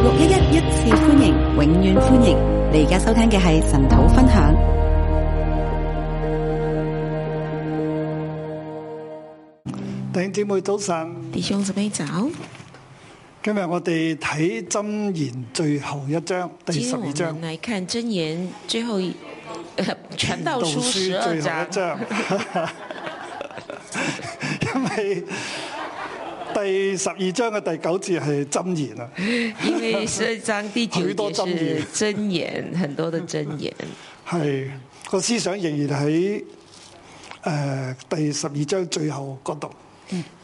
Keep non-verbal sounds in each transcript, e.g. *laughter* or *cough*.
六一一一次歡迎，永遠歡迎。你而家收聽嘅係神討分享。弟兄姊妹早晨，弟兄姊妹早。今日我哋睇真言最後一章，第十二章。今天我們來看真言最後一傳道書十二章，因為。第十二章嘅第九節係箴言啊，因為十二章第九節是箴言，很 *laughs* 多嘅針箴言。係 *laughs* 個思想仍然喺誒、呃、第十二章最後嗰度。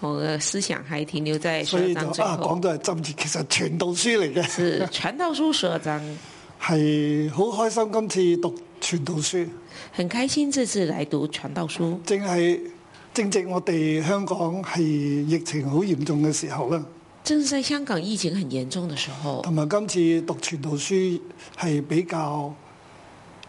我嘅思想還停留在十二章最後。所以就啊，講到係箴言，其實傳道書嚟嘅，是傳道書十二章。係 *laughs* 好開心今次讀傳道書，很開心這次來讀傳道書，正係。正值我哋香港係疫情好嚴重嘅時候啦，正在香港疫情很嚴重嘅時候。同埋今次讀傳道書係比較，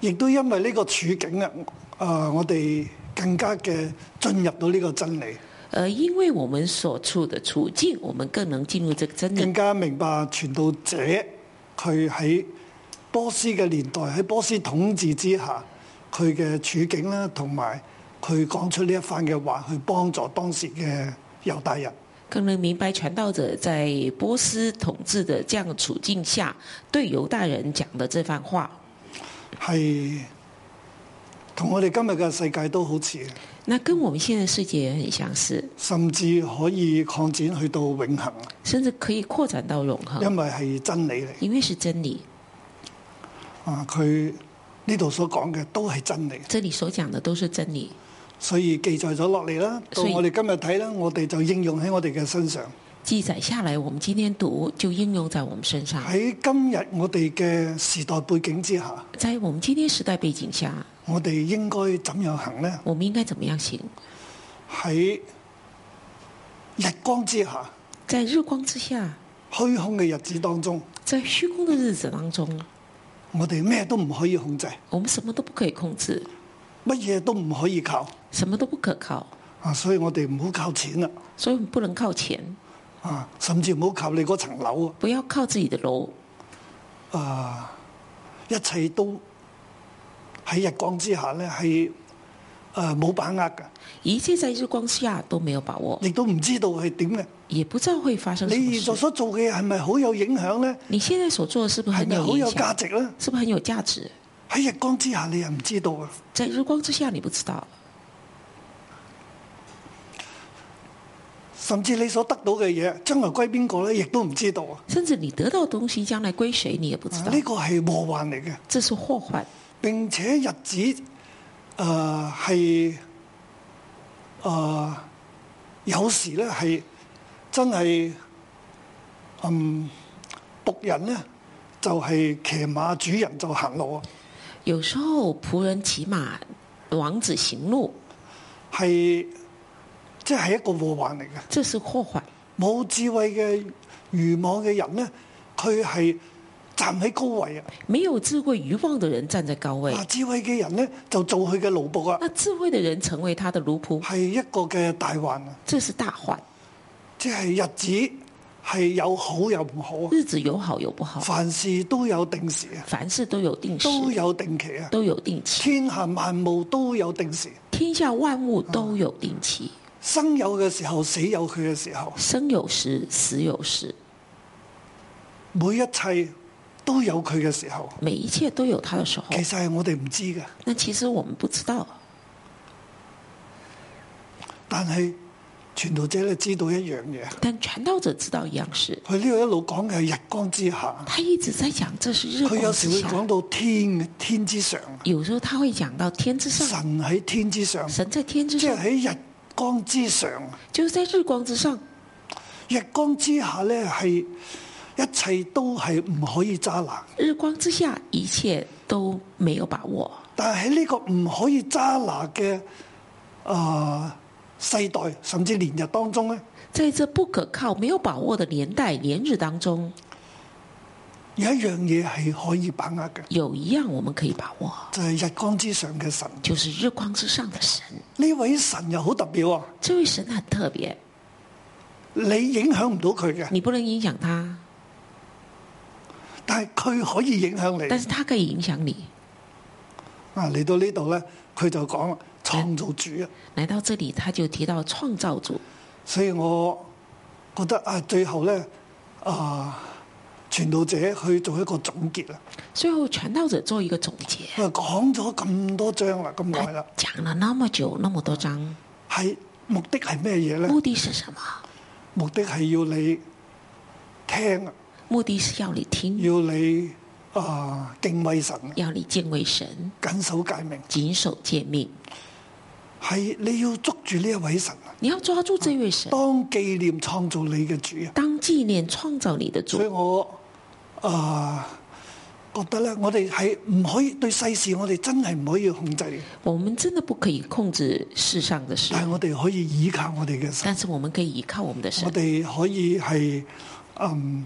亦都因為呢個處境啊，啊、呃，我哋更加嘅進入到呢個真理。誒、呃，因為我們所處的處境，我們更能進入這個真理，更加明白傳道者佢喺波斯嘅年代，喺波斯統治之下佢嘅處境啦，同埋。去講出呢一番嘅話，去幫助當時嘅猶大人，更能明白傳道者在波斯統治的這樣的處境下，對猶大人講的這番話，係同我哋今日嘅世界都好似。那跟我們現在世界也很相似，甚至可以擴展去到永恆，甚至可以擴展到永恆，因為係真理嚟，因為是真理。啊，佢呢度所講嘅都係真理，這裏所講的都是真理。所以記載咗落嚟啦，到我哋今日睇啦，我哋就應用喺我哋嘅身上。記載下來，我們今天讀就應用在我們身上。喺今日我哋嘅時代背景之下，在我們今天時代背景下，我哋應該怎樣行呢？我們應該怎麼樣行？喺日光之下，在日光之下，虛空嘅日子當中，在虛空嘅日子當中，我哋咩都唔可以控制，我們什麼都不可以控制，乜嘢都唔可以靠。什麼都不可靠啊！所以我哋唔好靠錢啦，所以不能靠錢啊！甚至唔好靠你嗰層樓啊！不要靠自己的樓啊！一切都喺日光之下咧，係誒冇把握嘅。一切在日光之下都沒有把握，你都唔知道係點嘅，也不知道會發生事。你而家所做嘅係咪好有影響咧？你現在所做的是不是很有價值咧？是不是很有價值？喺日光之下，你又唔知道啊！在日光之下，你也不知道啊。甚至你所得到嘅嘢，將來歸邊個咧，亦都唔知道啊！甚至你得到東西，將來歸誰，你也不知道。呢個係禍患嚟嘅。這是禍患來的，並且日子，誒係誒，有時咧係真係，嗯，僕人呢就係、是、騎馬，主人就行路啊。有時候僕人騎馬，王子行路，係。即係一個禍患嚟嘅，這是禍患。冇智慧嘅愚妄嘅人呢，佢係站喺高位啊。沒有智慧愚妄嘅人站在高位。智慧嘅人呢，的人就做佢嘅奴僕啊。智慧嘅人成為他的奴僕，係一個嘅大患。這是大患。即係日子係有好有唔好啊。日子有好有唔好。凡事都有定時啊。凡事都有定時，都有定期啊，都有定期。天下萬物都有定時。天下萬物都有定期。生有嘅時候，死有佢嘅時候。生有時，死有時。每一切都有佢嘅時候。每一切都有它嘅時候。其實係我哋唔知嘅。那其實我們不知道，但係傳道者咧知道一樣嘢。但傳道者知道一樣事。佢呢個一路講嘅係日光之下。佢一直在講這是日光之下。佢有時候會講到天，天之上。有時候他會講到天之上。神喺天之上。神在天之上。即係喺日。光之上，就是在日光之上。日光之下呢，係一切都係唔可以揸拿。日光之下，一切都沒有把握。但係呢個唔可以揸拿嘅啊，世代，甚至年日當中咧，在這不可靠、沒有把握的年代，年日當中。有一樣嘢係可以把握嘅，有一樣我們可以把握，就係日光之上嘅神，就是日光之上的神。呢位神又好特別啊！這位神很特別，你影響唔到佢嘅，你不能影響他，但係佢可以影響你，但是他可以影響你。啊，嚟到呢度咧，佢就講創造主啊。來到這裡，他就提到創造主，所以我覺得啊，最後咧，啊。傳道者去做一個總結啦。最後傳道者做一個總結。啊，講咗咁多章啦，咁耐啦。講了那麼久，那麼多章，係目的係咩嘢咧？目的是什麼？目的係要你聽啊。目的是要你聽。要你啊敬畏神。要你敬畏神，謹守戒命，謹守戒命。係你要捉住呢一位神啊！你要抓住這位神，當紀念創造你嘅主啊！當紀念創造你嘅主，主。所啊、uh，覺得咧，我哋係唔可以對世事，我哋真係唔可以控制。我們真的不可以控制世上的事，但係我哋可以依靠我哋嘅神。但是我們可以依靠我們的神，我哋可以係嗯，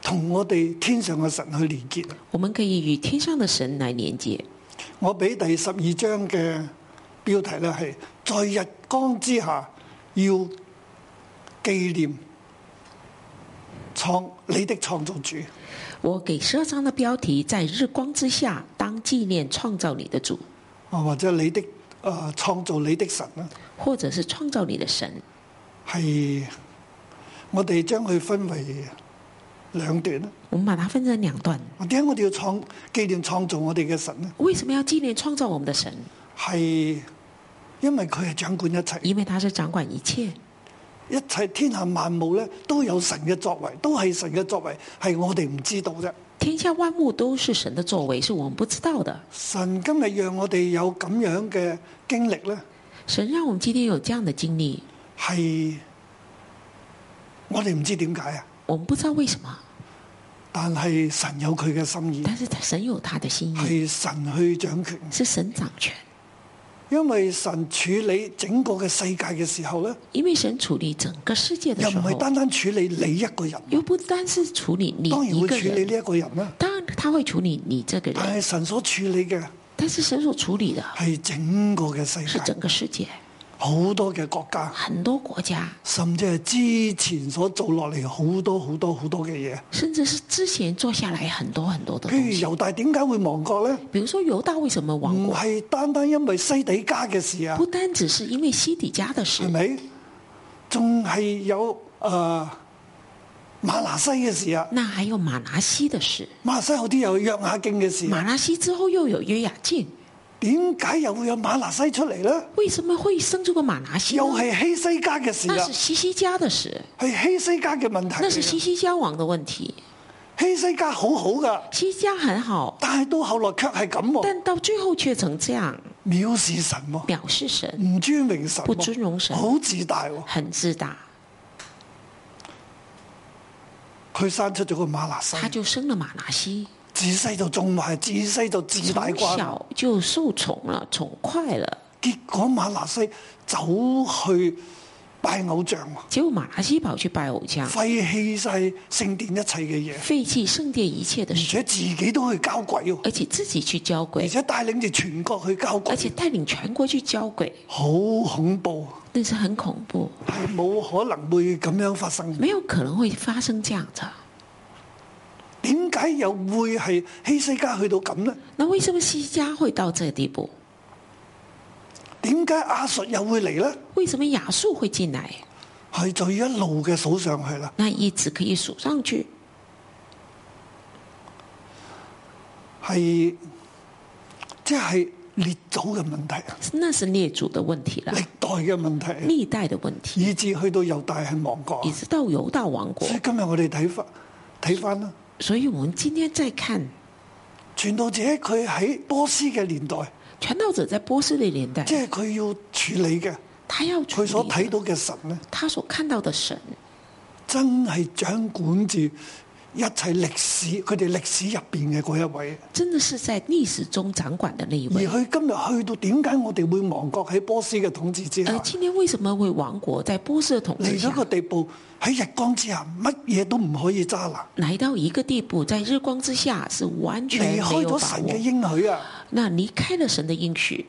同我哋天上嘅神去連結。我們可以與、嗯、天上嘅神、神來連結。我俾第十二章嘅標題咧，係在日光之下要紀念。創你的創造主，我給十二章的標題，在日光之下當紀念創造你的主，或者你的創造你的神啊，或者是創造你的神。係我哋將佢分為兩段，我們把它分成兩段。點解我哋要創、紀念創造我哋嘅神呢？為什麼要紀念創造我們的神？係因為佢係掌管一切，因為他是掌管一切。一切天下萬物咧，都有神嘅作為，都係神嘅作為，係我哋唔知道啫。天下萬物都是神嘅作為，是我們不知道的。神今日讓我哋有咁樣嘅經歷咧，神讓我們今天有這樣的經歷，係我哋唔知點解啊，我們不知道為什麼，但係神有佢嘅心意，但是神有他的心意，係神去掌權，是神掌權。因為神處理整個嘅世界嘅時候咧，因為神處理整個世界的時候，又唔係單單處理你一個人，又不單是處理你一個人，當然會處理呢一個人啦。當然他會處理你這個人，但係神所處理嘅，但是神所處理的係整個嘅世界，是整個世界。好多嘅國家，很多國家，甚至係之前所做落嚟好多好多好多嘅嘢，甚至是之前所做下嚟很多很多嘅。譬如猶大點解會亡國呢？比如說猶大為什麼亡國？唔係單單因為西底家嘅事啊，不單只是因為西底家嘅事，係咪？仲係有啊、呃、馬拿西嘅事啊？那還有馬拿西嘅事。馬拿西後啲有約雅敬嘅事。馬拿西之後又有約雅敬。點解又會有馬拿西出嚟呢？為什麼會生咗個馬拿西？又係希西家嘅事啊！那是希西家嘅事。係希西家嘅問題。那是希西家王嘅問題。希西家好好噶。希西家很好，但係到後來卻係咁喎。但到最後卻成這樣，藐視神喎，藐視神，唔尊榮神，不尊榮神，、哦、神，好自大喎、哦，很自大。佢生出咗個馬拿西，他就生了馬拿西。自細就種埋，自細就自大慣。從小就受寵了，寵快了。結果馬那西走去拜偶像啊只結果馬那西跑去拜偶像，廢棄晒聖殿一切嘅嘢，廢棄聖殿一切嘅事，而且自己都去交鬼，而且自己去交鬼，而且帶領住全國去交鬼，而且帶領全國去交鬼，好恐怖！真是很恐怖，係冇可能會咁樣發生，沒有可能會發生這樣子。 *laughs* 點解又會係希西家去到咁呢？那為什麼希西家會到這個地步？點解亞述又會嚟呢？為什麼亞述會進來？係就要一路嘅數上去啦。那一直可以數上去，係即係列祖嘅問題啊！那是列祖的問題啦，歷代嘅問題，歷代的問題，以致去到猶大係亡國，以至到猶大王國。所以今日我哋睇翻睇翻啦。所以，我哋今天再看傳道者，佢喺波斯嘅年代，傳道者在波斯嘅年代，即係佢要處理嘅，他要佢所睇到嘅神咧，他所看到嘅神，神，真係掌管住。一切歷史，佢哋歷史入邊嘅嗰一位，真的是在歷史中掌管的那一位。而佢今日去到點解我哋會亡國喺波斯嘅統治之下？而今天為什麼會亡國？在波斯嘅統治之下，嚟到一個地步喺日光之下，乜嘢都唔可以揸啦。嚟到一個地步，在日光之下是完全沒有把握。離開咗神嘅應許啊！那離開了神的應許，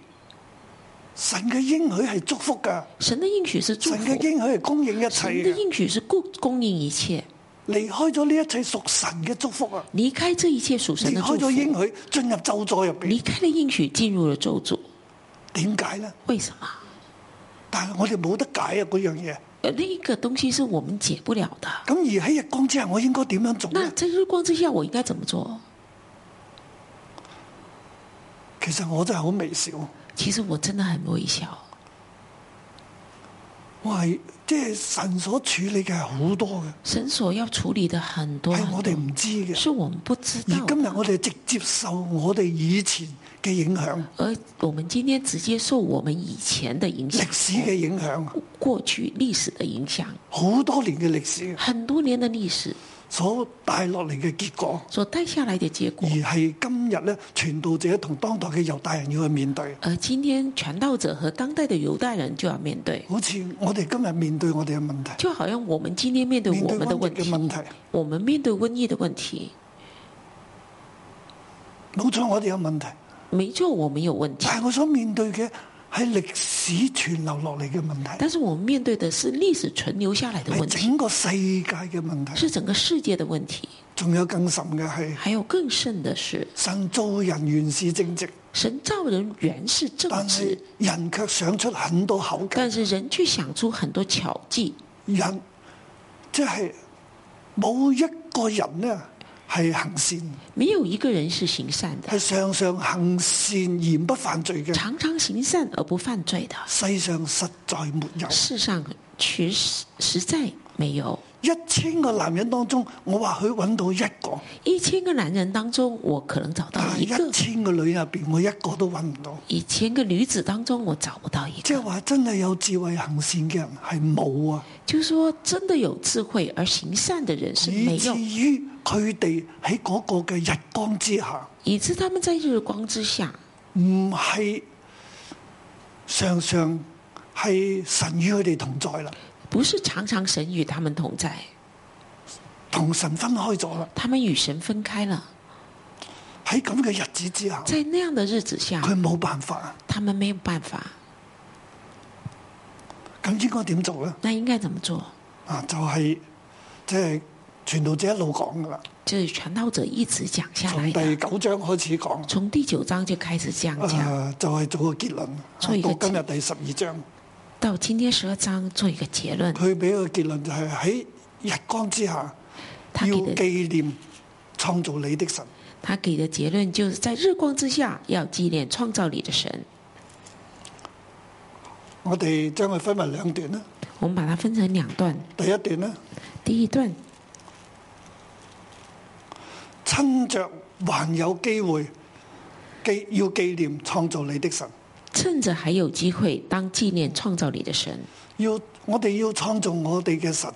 神嘅應許係祝福嘅。神的應許是祝福。神嘅應許係供供應一切。神的應許是供供應一切。離開咗呢一切屬神嘅祝福啊！離開這一切屬神嘅祝福。離開咗應許，進入咒詛入邊。離開了應許，進入咗咒詛。點解呢？為什麼？但係我哋冇得解啊！嗰樣嘢，呢、呃、一、那個東西是我們解不了的。咁而喺日光之下，我應該點樣做呢？那在日光之下，我應該怎麼做？其實我真係好微笑。其實我真係很微笑。我係即係神所處理嘅係好多嘅，神所要處理嘅很，很多，係我哋唔知嘅，所以我們不知道，不知道。而今日我哋直接受我哋以前嘅影響，而我們今天直接受我們以前嘅影響，歷史嘅影響，過去歷史嘅影響，好多年嘅歷史，很多年的歷史。所帶落嚟嘅結果，所帶下來嘅結果，而係今日咧，傳道者同當代嘅猶大人要去面對。而今天傳道者和當代嘅猶大人就要面對。好似我哋今日面對我哋嘅問題，就好像我們今天面對我們的面對嘅問題，我們面對瘟疫嘅問題，冇錯我哋有問題，沒錯我們有問題，但係我想面對嘅，係歷史存留落嚟嘅問題，但是我面對嘅是歷史存留下嚟嘅問題，整個世界嘅問題，是整個世界嘅問題。仲有更甚嘅係，還有更甚嘅是，神造人原是正直，神造人原是正直，但是人卻想出很多巧計，但是人卻想出很多巧技。嗯、人即係冇一個人呢。係行善，沒有一個人是行善的。係常常行善而不犯罪嘅，常常行善而不犯罪的，世上實在沒有。世上確實，實在沒有。一千個男人當中，我話佢揾到一個；一千個男人當中，我可能找到一個；一千個女入邊，我一個都揾唔到；一千個女子當中，我找不到一個。即係話，真係有智慧行善嘅人係冇啊！就是說，真的有智慧而行善的人是冇啊。以至於佢哋喺嗰個嘅日光之下，以致他們在日光之下，唔係常常係神與佢哋同在啦。不是常常神與他們同在，同神分開咗啦，他們與神分開了。喺咁嘅日子之下，在那樣的日子下，佢冇辦法，他們沒有辦法。咁應該點做咧？那應該怎麼做？啊，就係即係傳道者一路講噶啦，就係傳道者一直講下來，從第九章開始講，從第九章就開始講，啊、呃，就係、是、做個結論，所以到今日第十二章。到今天十二章做一個結論，佢俾個結論就係喺日光之下要紀念創造你的神。他給的結論就是在日光之下要紀念創造你的神。我哋將佢分為兩段，我們把它分成兩段。第一段呢？第一段，趁着還有機會，要紀念創造你的神。趁着還有機會，當紀念創造你的神。要我哋要創造我哋嘅神，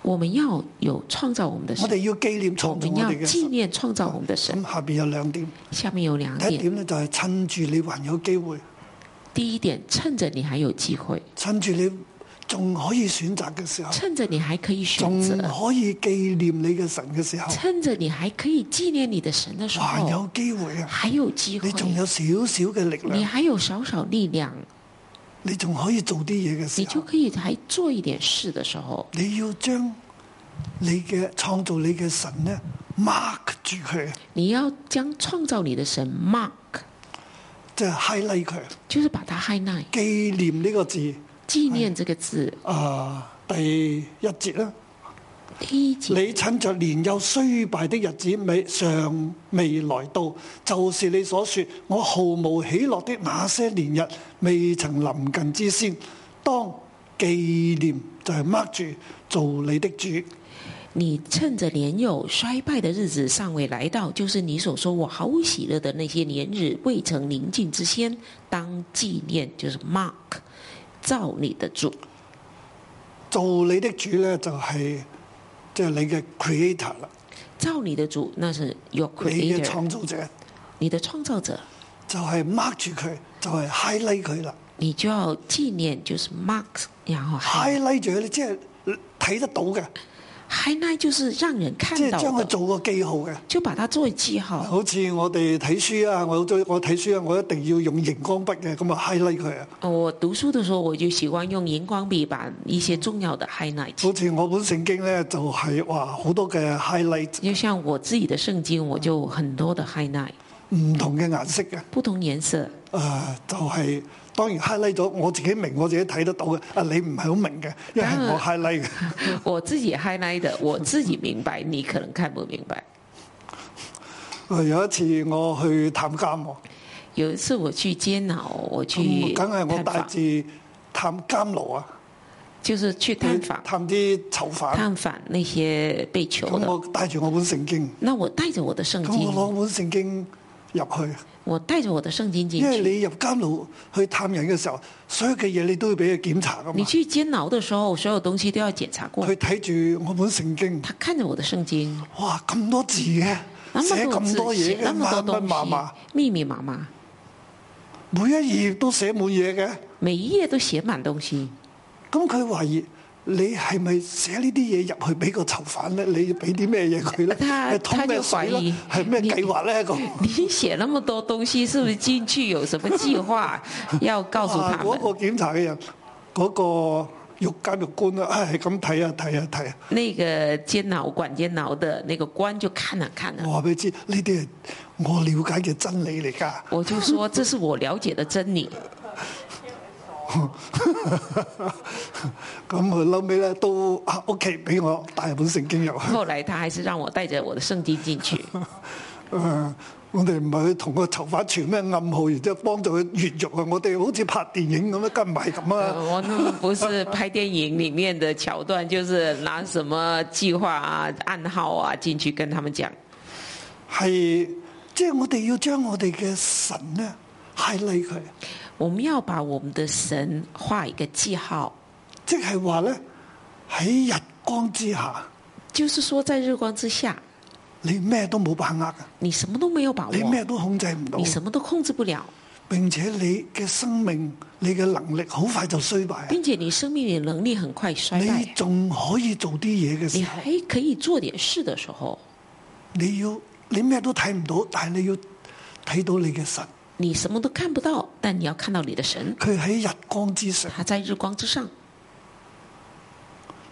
我們要有創造我們的，我哋要紀念創造我哋嘅神。我們要紀念創造我們的神。嗯、下邊有兩點。下面有兩點。第一點呢，就係趁住你還有機會。第一點，趁着你還有機會。趁住你。仲可以選擇嘅時候，趁着你還可以選擇；可以紀念你嘅神嘅時候，趁着你還可以紀念你的神的時候，還有機會啊！還有機會，你仲有少少嘅力量，你還有少少力量，你仲可以做啲嘢嘅時候，你就可以喺做一點事嘅時候，你要將你嘅創造你嘅神呢 mark 住佢，你要將創造你的神 mark，即係、就是、highlight 佢，就是把它 highlight，紀念呢個字。紀念這個字，嗯、啊，第一節啦、啊。第一節，你趁着年幼衰敗的日子未尚未來到，就是你所說我毫無喜樂的那些年日未曾臨近之先，當紀念就係 mark 住做你的主。你趁着年幼衰敗的日子尚未來到，就是你所說我毫無喜樂的那些年日未曾臨近之先，當紀念就是 mark。造你的主，做你的主咧，就係即係你嘅 creator 啦。造你的主，那是 your creator。你的創造者，你的創造者就係 mark 住佢，就係、是就是、highlight 佢啦。你就要紀念，就是 mark，然後 highlight 住佢，你即係睇得到嘅。highlight 就是讓人看到。即係將佢做個記號嘅。就把它作為記號。嗯、好似我哋睇書啊，我我睇書啊，我一定要用熒光筆嘅，咁啊 highlight 佢啊。我讀書嘅時候，我就喜歡用熒光筆把一些重要嘅 highlight。好似我本聖經咧，就係、是、哇好多嘅 highlight。就像我自己的聖經，我就很多嘅 highlight。唔同嘅顏色嘅。不同顏色。誒、呃，就係、是。當然 highlight 咗，我自己明，我自己睇得到嘅。啊，你唔係好明嘅，因為我 highlight 嘅。我自己 highlight 嘅，我自己明白，啊、你可能看不明白。 *laughs* 有一次我去探監，有一次我去監牢，我去。梗係我帶住探監牢啊。就是去探訪去探啲囚犯。探訪那些被囚的。我帶住我本聖經。那我帶著我的聖經。我攞本聖經。入去，我帶住我的聖經進去。因為你入監牢去探人嘅時候，所有嘅嘢你都要俾佢檢查噶嘛。你去監牢嘅時候，所有東西都要檢查過。佢睇住我本聖經，他看着我的聖經。哇，咁多字嘅，寫咁多嘢，密密麻麻，每一頁都寫滿嘢嘅，每一頁都寫滿東西。咁佢懷疑。你係咪寫呢啲嘢入去俾個囚犯咧？你要俾啲咩嘢佢咧？佢通咩水咧、啊？係咩計劃咧？個你，你寫那麼多東西，是不是進去有什麼計劃要告訴他們？嗰、啊那個檢查嘅人，嗰、那個獄監獄官啊，係咁睇啊睇啊睇啊！那個監牢管監牢嘅那個官就看了、啊、看了、啊。我話俾你知，呢啲係我了解嘅真理嚟㗎。我就說，這是我了解嘅真理的。 *laughs* 咁 *laughs* 佢後尾咧都屋企俾我帶本聖經入去。後來他還是讓我帶着我的聖經進去。 *laughs* 呃、我哋唔係去同佢籌劃傳咩暗號，然之後幫助佢越獄啊！我哋好似拍電影咁樣跟埋咁啊！唔、 *laughs* 呃，我都不是拍電影裏面的橋段， *laughs* 就是拿什麼計劃啊、暗號啊進去跟他們講。係， *laughs* 即、就、係、是、我哋要將我哋嘅神呢，係理佢。我們要把我們的神畫一個記號，即係話呢，喺日光之下，就是說在日光之下，你咩都冇把握嘅，你什麼都沒有把握，你咩都控制唔到，你什麼都控制不了，並且你嘅生命、你嘅能力好快就衰敗，並且你生命嘅能力很快衰敗，你仲可以做啲嘢嘅時候，你可以做點事嘅時候，你要你咩都睇唔到，但係你要睇到你嘅神。你什麼都看不到，但你要看到你的神。佢喺日光之上。他在日光之上。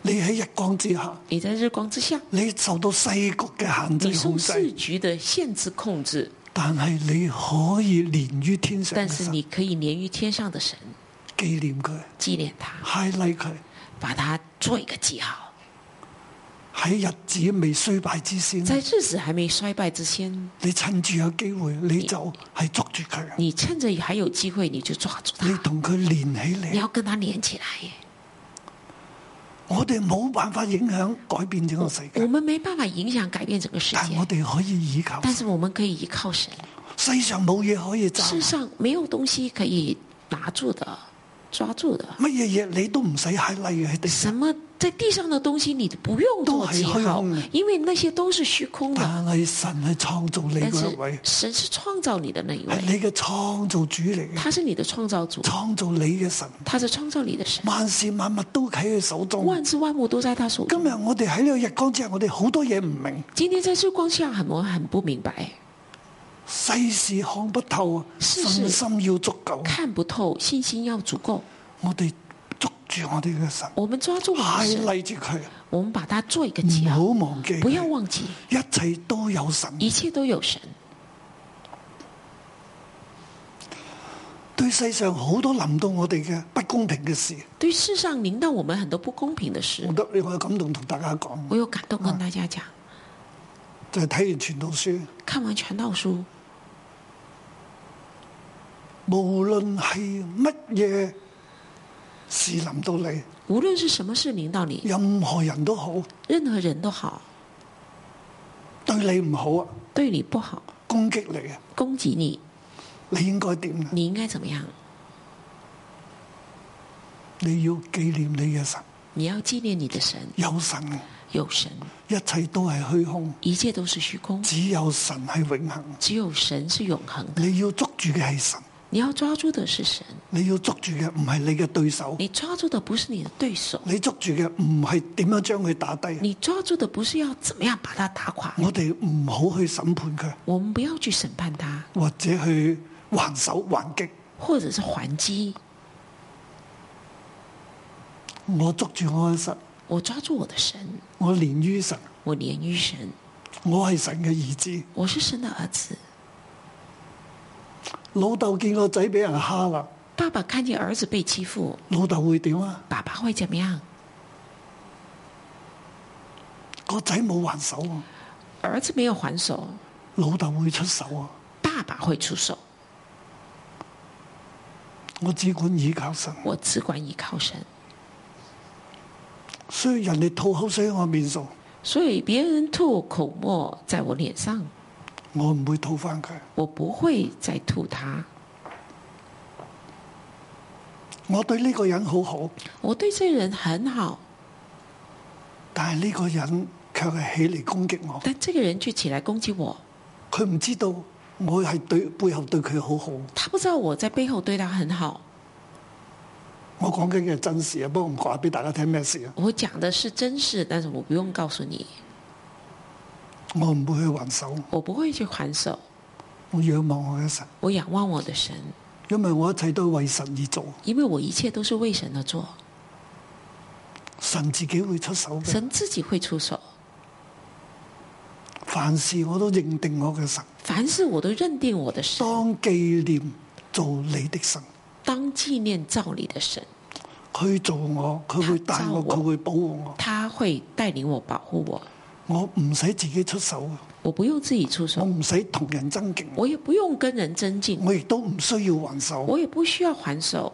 你喺日光之下。你在日光之下。你受到四局嘅限制，制。你受四局嘅限制控制。但係你可以連於天上。但是你可以連於天上的神。紀念佢。紀念他。highlight 佢，把他做一個記號。喺日子未衰敗之先，在日子還未衰敗之先，你趁住有機會，你就係捉住佢。你趁着還有機會，你就抓住佢。你同佢連起嚟，你要跟他連起來。我哋冇辦法影響改變整個世界我，我們沒辦法影響改變整個世界。我哋可以依靠，但是我們可以依靠神。世上冇嘢可以，世上沒有東西可以拿住的、抓住的。乜嘢嘢你都唔使喺例如喺啲在地上的東西你不用做參考，因為那些都是虛空的。但係神係創造你嘅一位，神是創造你的那一位，你嘅創造主嚟嘅。他是你的創造主，創造你嘅神，他是創造你嘅神。萬事萬物都喺佢手中，萬事萬物都在他手中。今日我哋喺呢個日光之下，我哋好多嘢唔明。今天在光下，很我，很不明白，世事看不透，信心要足夠，世事看不透，信心要足夠。我哋。我們抓住我哋嘅神，住、啊、佢，我們把它做一個記號，唔好忘記，不要忘記，一切都有神，一切都有神。對世上好多臨到我哋嘅不公平嘅事，對世上令到我們很多不公平嘅事我得，我有感動同大家講，我有感動跟大家講，就係、是、睇完傳道書，看完傳道書，嗯、無論係乜嘢。事臨到你，無論是什麼事臨到你，任何人都好，任何人都好，對你唔好啊，對你不好，攻擊你啊，攻擊你，你應該點啊？你應該怎麼樣？你要紀念你嘅神，你要紀念你的神，有神，有神，一切都係虛空，一切都是虛空，只有神係永恆，只有神是永恆，你要捉住嘅係神。你要抓住的是神，你要捉住嘅唔係你嘅對手。你抓住的不是你的對手。你捉住嘅唔係點樣將佢打低。你抓住的不是要怎麼樣把他打垮。我哋唔好去審判佢。我們不要去審判他，或者去還手還擊，或者是還擊。我捉住我嘅神，我抓住我的神，我連於神，我連於神，我係神嘅兒子，我是神的兒子。 *laughs* 老豆見個仔俾人蝦啦，爸爸看見兒子被欺負，老豆會點啊？爸爸會怎麼樣？個仔冇還手啊，兒子沒有還手，老豆會出手啊？爸爸會出手，我只管依靠神，我只管依靠神，所以人哋吐口水喺我面上，所以別人吐口沫在我臉上。我唔會吐翻佢。我不會再吐他。我對呢個人好好。我對這個人很好，但係呢個人卻係起嚟攻擊我。但呢個人卻起嚟攻擊我，佢唔知道我係對背後對佢好好。他不知道我在背後對他很好。我講嘅嘢真事啊，不過唔講俾大家聽咩事啊。我講嘅是真事，但是我不用告訴你。我唔會去還手。我不會去還手。我仰望我嘅神。我仰望我的神。因為我一切都為神而做。因為我一切都是為神而做。神自己會出手。神自己會出手。凡事我都認定我嘅神。凡事我都認定我嘅神。當紀念造你的神。當紀念造你的神。佢做我，佢會帶我，佢會保護我。他會帶領我保護我。我唔使自己出手，我不用自己出手。我唔使同人爭競，我也不用跟人爭競，我亦都唔需要還手，我也不需要還手。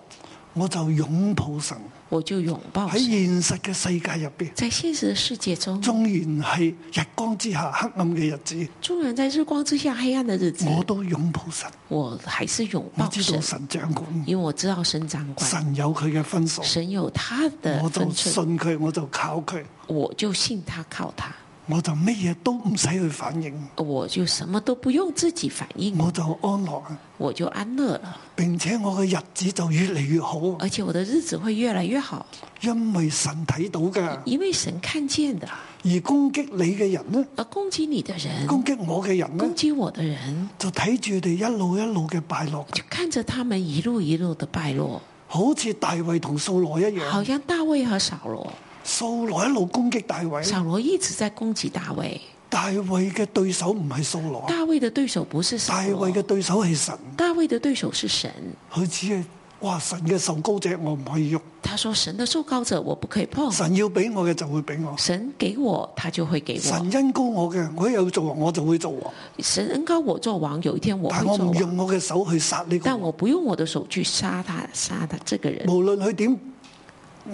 我就擁抱神，我就擁抱喺現實嘅世界入邊，在現實嘅世界中，縱然係日光之下黑暗嘅日子，縱然在日光之下黑暗嘅日子，我都擁抱神，我還是擁抱神。我知道神掌管，因為我知道神掌管，神有佢嘅分數，神有他的分寸，我就信佢，我就靠佢，我就信他靠他。我就乜嘢都唔使去反應，我就什麼都不用自己反應，我，我就安樂啊，我就安樂了，並且我嘅日子就越嚟越好，而且我的日子會越來越好，因為神睇到嘅，因為神看見的，而攻擊你嘅人呢？而攻擊你嘅人，攻擊我嘅人呢？攻擊我嘅人，就睇住你一路一路嘅敗落，就看着他們一路一路嘅敗落，好似大衛同掃羅一樣，好像大衛和掃羅。掃羅一路攻擊大衛，掃羅一直在攻擊大衛。大衛嘅對手唔係掃羅，大衛的對手不是掃羅，大衛嘅對手係神。大衛的，的對手是神。佢只係話神嘅受膏者，我唔可以喐。他說神的受膏者，我不可以碰。神要俾我嘅就會俾我。神給我，他就會給我。神，神恩膏我嘅，我有做王我就會做王。神恩膏我做王，有一天我。但唔用我嘅手去殺呢個，但我不用我的手去殺他，殺他這個人。無論佢點。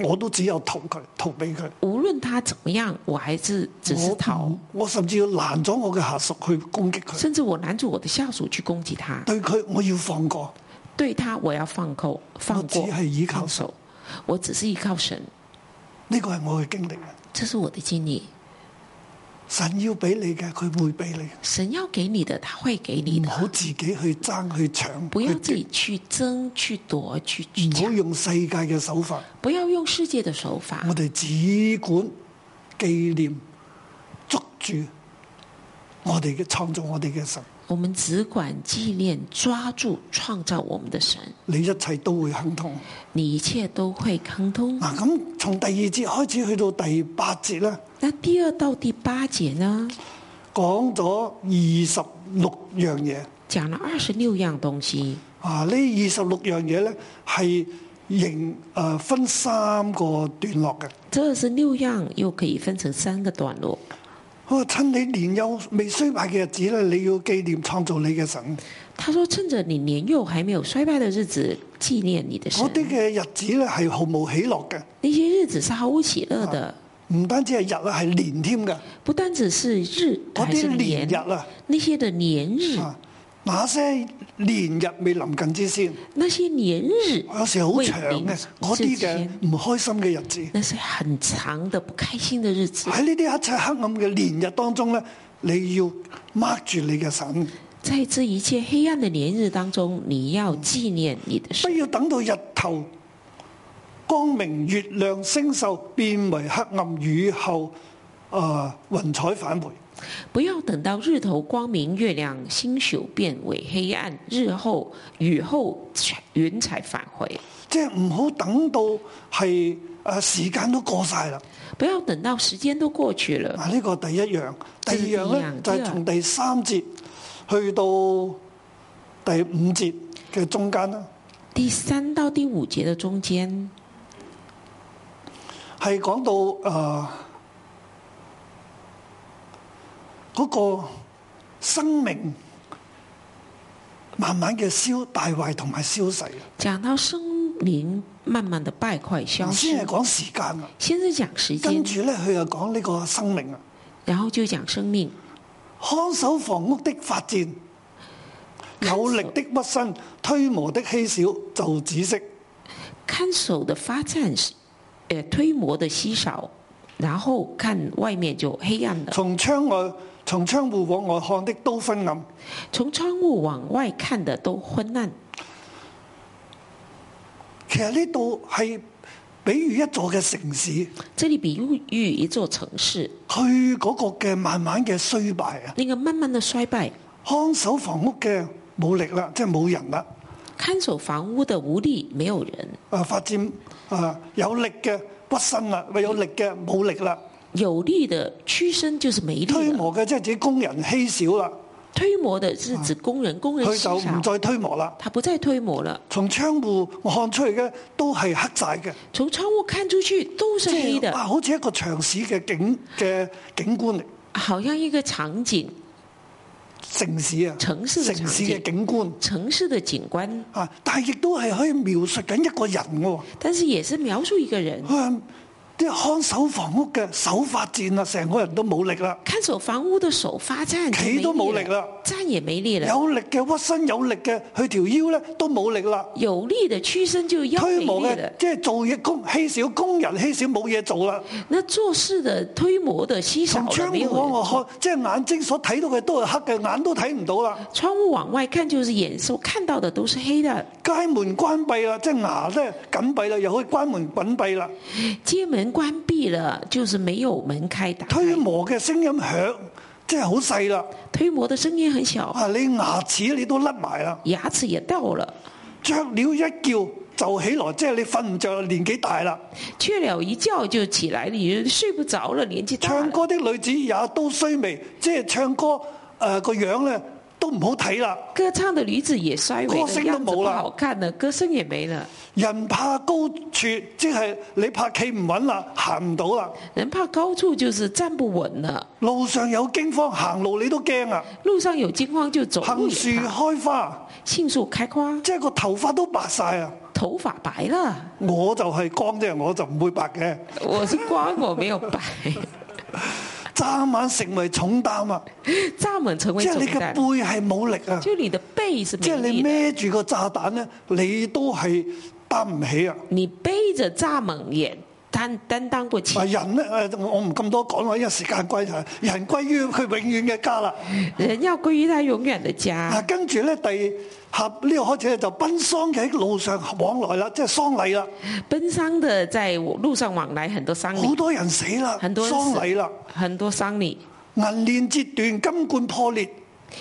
我都只有逃佢，逃俾佢。無論他怎麼樣，我還是只是逃。我，我甚至要攔咗我嘅下屬去攻擊佢。甚至我攔住我的下屬去攻擊他。對佢我要放過，對他我要放口放過。我只係依靠神，我只是依靠神，呢、這個係我嘅經歷。這是我的經歷。神要俾你嘅，佢會俾你。神要給你的，他會給你的。唔好自己去爭去搶。不要自己去爭去奪去。唔好用世界嘅手法。不要用世界嘅手法。我哋只管紀念，捉住我哋嘅創造，我哋嘅神。我們只管紀念、抓住、創造我們的神，你一切都會亨通，你一切都會亨通。嗱，咁從第二節開始去到第八節呢？那第二到第八節呢，講咗二十六樣嘢，講咗二十六樣東西。啊，呢二十六樣嘢咧係仍誒分三個段落嘅，這二十六樣，又可以分成三個段落。我趁你年幼未衰敗嘅日子咧，你要紀念創造你嘅神。他說：趁着你年幼還沒有衰敗的日子，紀念你的神。嗰啲嘅日子咧，係毫無喜樂嘅。那些日子是毫無喜樂的。唔單止係日啊，係年添嘅。不單止是，是，是日，還是年日。那些的年日。啊那些年日未臨近之先，那些年日，有時好長嘅，嗰啲嘅唔開心嘅日子，那些很長的不開心的日子。喺呢啲一切黑暗嘅年日當中咧，你要握住你嘅神。在這一切黑暗的年日當中，你要紀念你的神、嗯。不要等到日頭，光明、月亮星、星宿變為黑暗雨後，啊、呃，雲彩返回。不要等到日頭光明，月亮星宿變為黑暗，日後雨後雲彩返回，即係唔好等到係誒時間都過晒啦。不要等到時間都過去啦。嗱、啊，呢個第一樣，第二樣咧就係從第三節去到第五節嘅中間啦。第三到第五節嘅中間係講到誒。呃嗰、那個生命慢慢嘅消敗壞同埋消逝。講到生命慢慢的敗壞消失。先係講時間啊。先係講時間，跟住咧佢又講呢這個生命啊，然後就講生命。看守房屋的發顫，有力的屈身，推磨的稀少，就止息。看守的發顫，誒、呃，推磨的稀少，然後看外面就黑暗的。從窗外。從窗戶往外看的都昏暗，從窗戶往外看的都昏暗。其實呢度係比喻一座嘅城市，即係比喻一座城市。佢嗰個嘅慢慢嘅衰敗啊，呢個慢慢嘅衰敗。看守房屋嘅冇力啦，即係冇人啦。看守房屋嘅無力，沒有人。啊，發展啊，有力嘅屈身啦，咪有力嘅冇力啦。有利的屈身就是沒力。推磨嘅即係自己工人稀少啦。推磨嘅是指工人，啊、工人稀少。佢就唔再推磨啦。他不再推磨啦。從窗戶我看出嚟嘅都係黑晒嘅。從窗戶看出去都是黑的。就是，啊，好似一個城市嘅景嘅景觀嚟。好像一個場景。城市啊。城市城市嘅景觀。城市嘅景觀。啊，但係亦都係可以描述緊一個人㗎。但是也是描述一個人。啊啲看守房屋嘅手發戰啊，成個人都冇力啦。看守房屋嘅手發戰，企都冇力啦，站也冇力啦。有力嘅屈身，有力嘅去條腰咧都冇力啦。有力嘅屈身就腰冇力。推磨嘅即係做嘢工，稀少，工人稀少，冇嘢做啦。那做事嘅推磨嘅稀少冇人。從窗戶講，我開即係眼睛所睇到嘅都係黑嘅，眼都睇唔到啦。窗戶往外看就是眼色，所看到嘅都是黑的。街門關閉啦，即係牙咧緊閉啦，又可以關門緊閉啦。街門門關閉了，就是沒有門開。打推磨嘅聲音響，即係好細啦。推磨的聲音，音很小啊！你牙齒你都甩埋啦，牙齒也掉了。雀鳥一叫就起來，即係你瞓唔着，年紀大啦。雀鳥一叫就起來，你睡不着了，年紀大了。唱歌的女子也都衰微，即係唱歌誒個、呃、樣咧。都唔好睇啦！歌唱的女子也衰微，歌聲都冇啦。好看呢，歌聲也沒了。人怕高處，即係你怕企唔穩啦，行唔到啦。人怕高處就是站不穩啦。路上有驚慌，行路你都驚啊。路上有驚慌就走。杏樹開花，杏樹開花，即係個頭髮都白晒啊。頭髮白啦。我就係光即啫，我就唔會白嘅。我是光，我沒有白。 *laughs* 蚱蜢成為重擔啊！蚱蜢成為重擔，即係你嘅背係冇力啊！即係你孭住個炸彈咧，你都係擔唔起啊！你背著蚱蜢嘢。擔擔當不起。人咧，我唔咁多講啦，因為時間貴啊。人歸於佢永遠嘅家啦。人要歸於他永遠嘅家。啊、跟住咧，第二呢個開始咧就奔喪嘅路上往來啦，即係喪禮啦。奔喪嘅在路上往來很多喪禮。好多人死啦，喪禮啦，很多喪禮。銀鏈折斷，金冠破裂；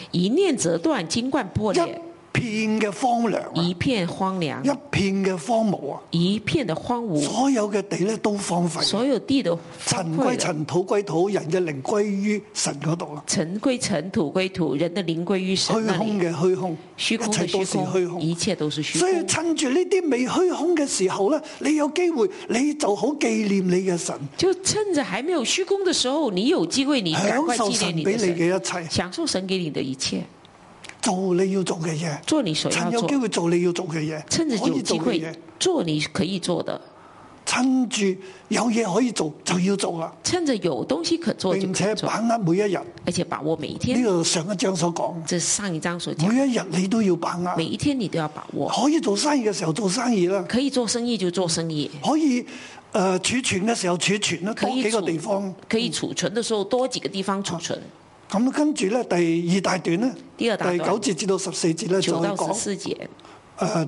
一念折斷，金冠破裂。一片嘅荒涼啊，一片荒涼，一片嘅荒蕪啊！一片嘅荒蕪，所有嘅地咧都荒廢，所有地都塵歸塵，塵歸塵，土歸土，人嘅靈歸於神嗰度啊！塵歸塵，土歸土，人的靈歸於神。虛空嘅虛空，虛空嘅虛空，一切都是虛空，都是虛空，都是虛空。所以趁住呢啲未虛空嘅時候咧，你有機會，你就好紀念你嘅神。就趁着還沒有虛空嘅時候，你有機會你趕快紀念你嘅神，你感受，享受神俾你嘅一切，享受神給你的，你的一切。做你要做嘅嘢，趁有機會做你要做嘅嘢，趁住有機會做你可以做的，趁住有嘢可以做就要做啦。趁着有東西可以做，做，而且把握每一日，而且把握每一天。呢、這個上一章所講，即係上一章所講，每一日你都要把握，每一天你都要把握。可以做生意嘅時候做生意啦，可以做生意就做生意，可以誒、呃、儲存嘅時候儲存啦，多幾個地方可以，可以儲存嘅時候、嗯、多幾個地方儲存。嗯咁跟住咧，第二大段咧，第九節至到十四節咧，就講，誒、呃，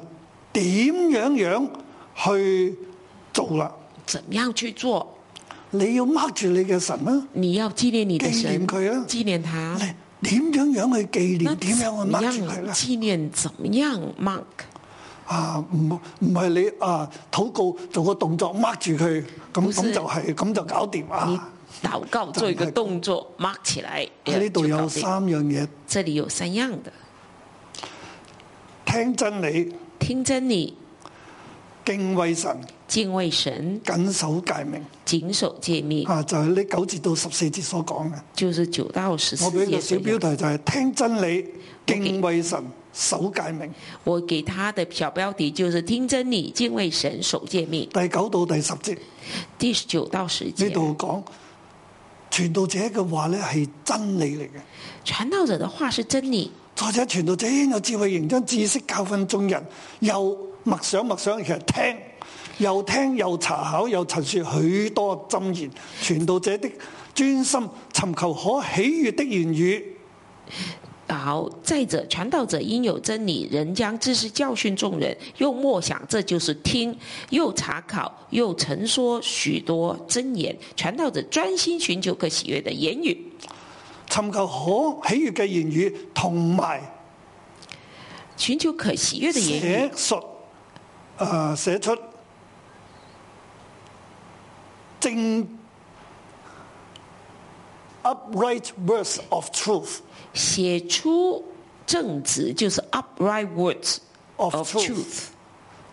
點樣樣去做啦？怎樣去做？你要 mark 住你嘅神啊！你要紀念你嘅神佢啊！紀念他。點樣樣去紀念？點樣去 mark 佢啦？紀念怎樣 mark？啊，唔唔係你啊，禱告做個動作 mark 住佢，咁咁就係、是，咁就搞掂啊！禱告做一個動作，mark 起來。喺呢度有三樣嘢。這裏有三樣的。聽真理。聽真理。敬畏神。敬畏神。謹守戒命。謹守戒命。啊，就係呢九節到十四節所講嘅，就是九到十四。我俾個小標題就係、是 okay、聽真理，敬畏神，守戒命。我給他的小標題就是聽真理，敬畏神，守戒命。第九到第十節，第九到十節呢度講。傳道者嘅話咧係真理嚟嘅，傳道者的話是真理。再者，傳道者有智慧形張，仍將知識教訓眾人，又默想默想，其實聽，又聽又查考，又陳述許多箴言。傳道者的專心，尋求可喜悅的言語。好，再者，傳道者應有真理，仍將知識教訓眾人，又默想這就是聽，又查考，又陳說許多真言。傳道者專心尋求可喜悅的言語，尋求可喜悅的言語，同埋尋求可喜悅的言語，寫出，呃，upright words of truth。寫出正直就是 upright words of truth，, of truth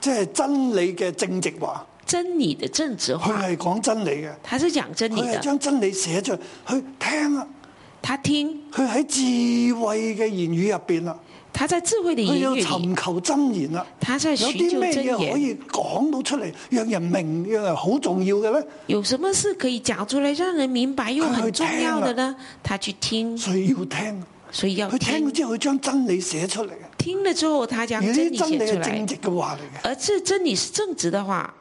即係真理嘅正直話。真理嘅正直話，佢係講真理嘅。佢係將真理寫出，佢聽啊，他聽，佢喺智慧嘅言語入邊啦。他在智慧的言語裡，要尋求真言啊，他在尋求真言，可以講到出嚟，讓人明，讓好重要嘅咧？有什麼事可以講出來，讓人明白又很重要的呢？他去聽，他去聽，他去聽，所以要聽，所以要聽。佢聽咗之後，佢將真理寫出嚟。聽了之後，他將真理寫出嚟嘅。而這真理是正直的話，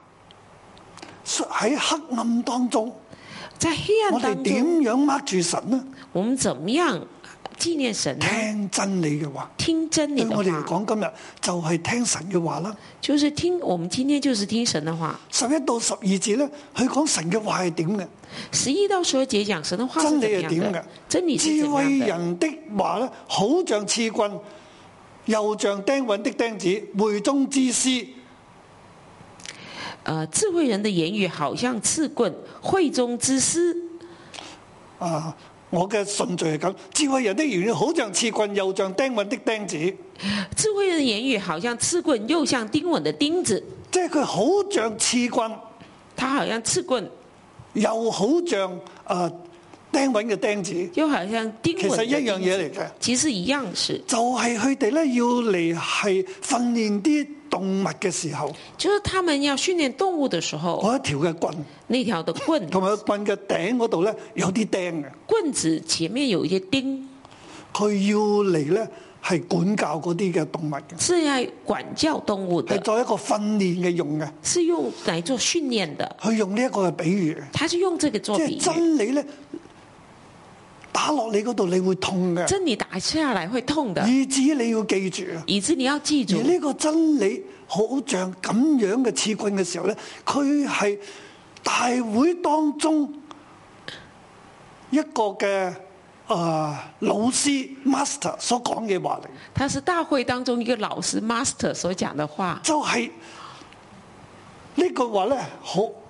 喺黑暗當中，在黑暗當中，點樣握住神呢？我們怎麼樣？紀念神，聽真理嘅話，聽真理的話，對我哋嚟講，今日就係聽神嘅話啦。就是聽，我們今天就是聽神的話。十一到十二節咧，佢講神嘅話係點嘅？十一到十二節講神嘅話，真理係點嘅？真理智慧人的話咧，好像刺棍，又像釘穩的釘子，會中之師。誒、呃，智慧人的言語好像刺棍，會中之師。啊。我嘅順序係咁，智慧人的言語好像刺棍，又像釘穩的釘子。智慧人的言語好像刺棍，又像釘穩的釘子。即係佢好像刺棍，他好像刺棍，又好像誒、呃、釘穩嘅釘子。又好像丁釘穩。其實一樣嘢嚟嘅，其實一樣是。就係佢哋咧，要嚟係訓練啲動物嘅時候，就是他們要訓練動物嘅時候，嗰一條嘅棍，呢條嘅棍，同埋棍嘅頂嗰度咧有啲釘嘅棍子，前面有一些釘，佢要嚟咧係管教嗰啲嘅動物嘅，是係管教動物的，係作一個訓練嘅用嘅，是用嚟做訓練嘅。佢用呢一個嘅比喻，佢就用呢個做比喻、就是、真理咧。打落你度你會痛嘅，真你打下來會痛的。以致你要記住，以致你要記住。而呢個真理好像咁樣嘅刺棍嘅時候咧，佢係大會當中一個嘅啊、呃、老師 master 所講嘅話嚟。他是大會當中一個老師 master 所講的話，就係、是、呢句話咧好。很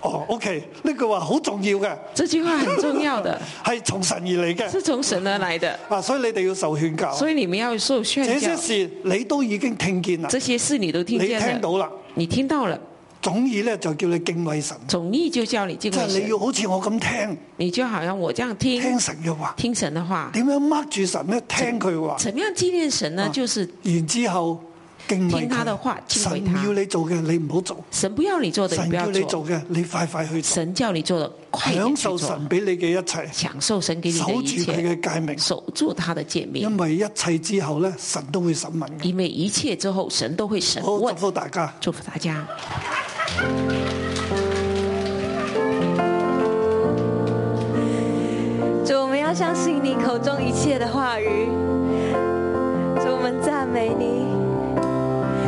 哦，OK，呢句話好重要嘅。這句話很重要的，係 *laughs* 從神而嚟嘅。是從神而來的。啊，所以你哋要受勸教。所以你們要受勸教。這些事你都已經聽見啦。這些事你都聽見。聽，見聽到啦。你聽到了。總意咧就叫你敬畏神。總意就叫你敬畏神。係、就是、你要好似我咁聽。你就好像我這樣聽。聽神嘅話。聽神的話。點樣握住神咧？聽佢話。怎麼樣紀念神呢？就是，啊、然之後。聽他的話，敬畏他。神要你做嘅，你唔好做。神不要你做的，你不要做，神叫你做嘅，你快快去。神叫你做的，快點去做。享受神畀你嘅一切。享受神給你的一切。守住佢嘅誡命。守住他的誡命。因為一切之後呢，神都會審問。因為一切之後，神都會審問，神會神問。祝福大家，祝福大家。 *laughs* 祝我們要相信你口中一切的話語。祝我們讚美你。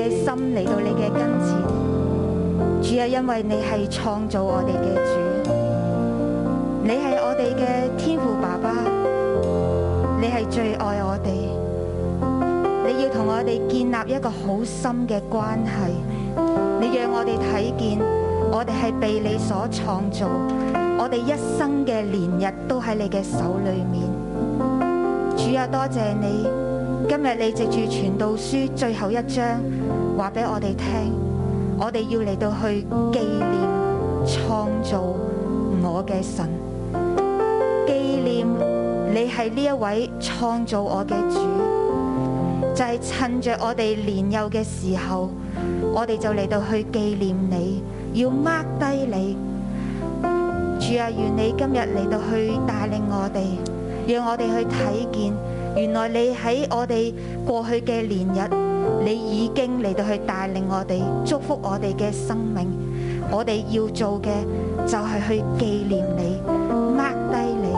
嘅心嚟到你嘅跟前，主啊，因為你係創造我哋嘅主，你係我哋嘅天父爸爸，你係最愛我哋，你要同我哋建立一個好深嘅關係，你讓我哋睇見我哋係被你所創造，我哋一生嘅年日都喺你嘅手裏面，主啊，多謝你。今日你藉住《傳道書》最後一章，話俾我哋聽，我哋要嚟到去紀念創造我嘅神，紀念你係呢一位創造我嘅主，就係、是、趁着我哋年幼嘅時候，我哋就嚟到去紀念你，要 mark 低你。主啊，願你今日嚟到去帶領我哋，讓我哋去睇見。原來你喺我哋過去嘅年日，你已經嚟到去帶領我哋、祝福我哋嘅生命。我哋要做嘅就係去紀念你、mark 低你。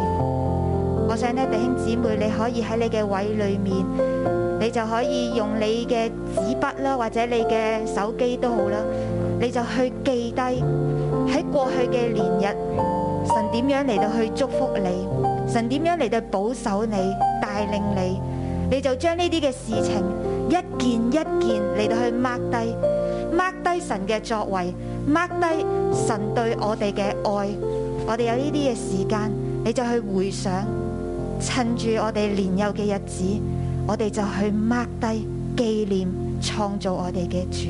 我想呢弟兄姊妹，你可以喺你嘅位裏面，你就可以用你嘅紙筆啦，或者你嘅手機都好啦，你就去記低喺過去嘅年日，神點樣嚟到去祝福你，神點樣嚟到保守你。令你，你就將呢啲嘅事情一件一件嚟到去 mark 低，mark 低神嘅作為，mark 低神對我哋嘅愛，我哋有呢啲嘅時間，你就去回想，趁住我哋年幼嘅日子，我哋就去 mark 低紀念創造我哋嘅主。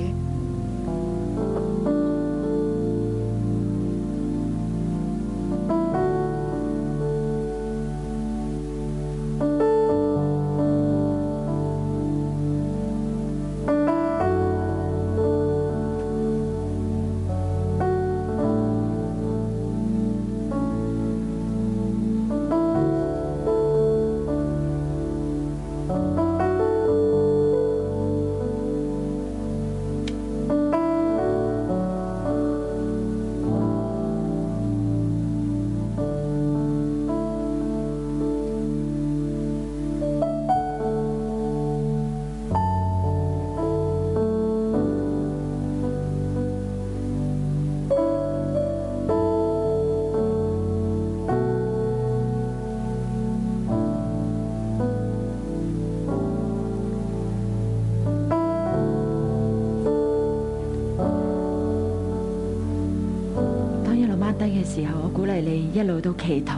嘅時候，我鼓勵你一路都祈禱，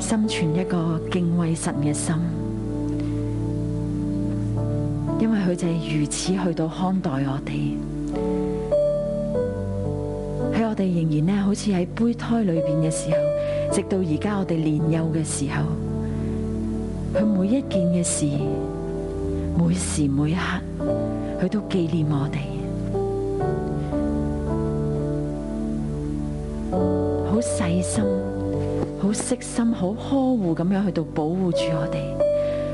心存一個敬畏神嘅心，因為佢就係如此去到看待我哋。喺我哋仍然咧，好似喺胚胎裏邊嘅時候，直到而家我哋年幼嘅時候，佢每一件嘅事，每時每刻，佢都紀念我哋。悉心好呵護咁樣去到保護住我哋，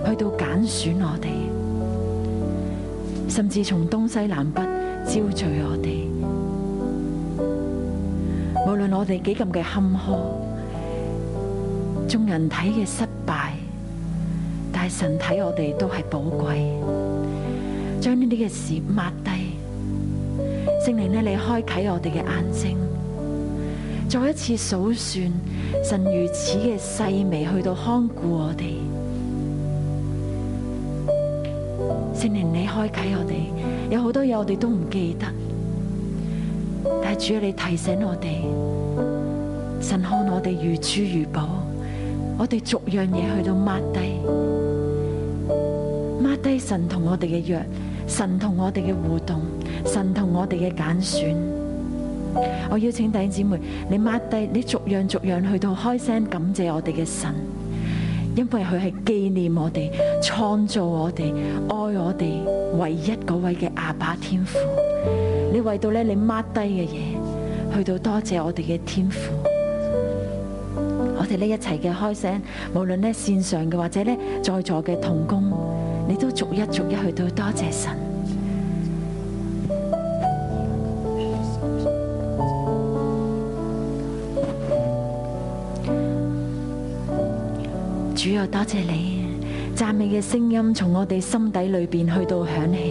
去到揀選我哋，甚至從東西南北招聚我哋。無論我哋幾咁嘅坎坷，眾人睇嘅失敗，但神睇我哋都係寶貴。將呢啲嘅事抹低，聖靈呢，你開啟我哋嘅眼睛。再一次數算，神如此嘅細微去到看顧我哋，聖靈你開啟我哋，有好多嘢我哋都唔記得，但係主，你提醒我哋，神看我哋如珠如寶，我哋逐樣嘢去到抹低，抹低神同我哋嘅約，神同我哋嘅互動，神同我哋嘅揀選。我邀請弟兄姊妹，你抹低，你逐樣逐樣去到開聲感謝我哋嘅神，因為佢係紀念我哋、創造我哋、愛我哋唯一嗰位嘅阿爸天父。你為到咧，你抹低嘅嘢，去到多謝我哋嘅天父。我哋呢一齊嘅開聲，無論呢線上嘅或者咧在座嘅同工，你都逐一逐一去到多謝神。多謝你，讚美嘅聲音從我哋心底裏邊去到響起。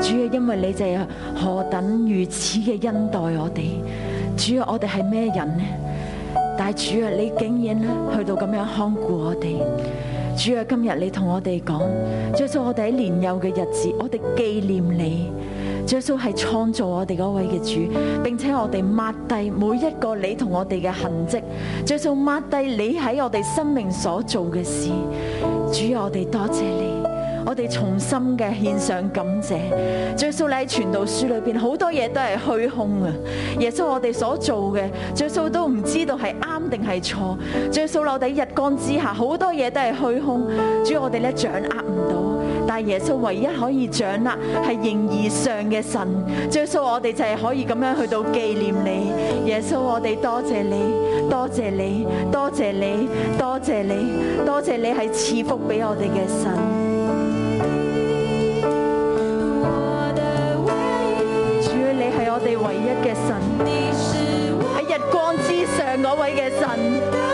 主啊，因為你就係何等如此嘅恩待我哋。主啊我哋係咩人呢？但係主啊，你竟然去到咁樣看顧我哋。主啊今日你同我哋講，最初我哋喺年幼嘅日子，我哋紀念你。耶穌係創造我哋嗰位嘅主，並且我哋抹低每一個你同我哋嘅痕跡，耶穌抹低你喺我哋生命所做嘅事，主，我哋多謝，謝你，我哋重新嘅獻上感謝。耶穌，你喺傳道書裏邊好多嘢都係虛空啊，耶穌我哋所做嘅，耶穌都唔知道係啱定係錯，耶穌，留底日光之下好多嘢都係虛空，主，要我哋咧掌握唔到。但耶穌唯一可以掌握係形而上嘅神，耶穌我哋就係可以咁樣去到紀念你，耶穌我哋多謝你，多謝你，多謝你，多謝你，多謝你係賜福俾我哋嘅神，主啊你係我哋唯一嘅神，喺日光之上嗰位嘅神。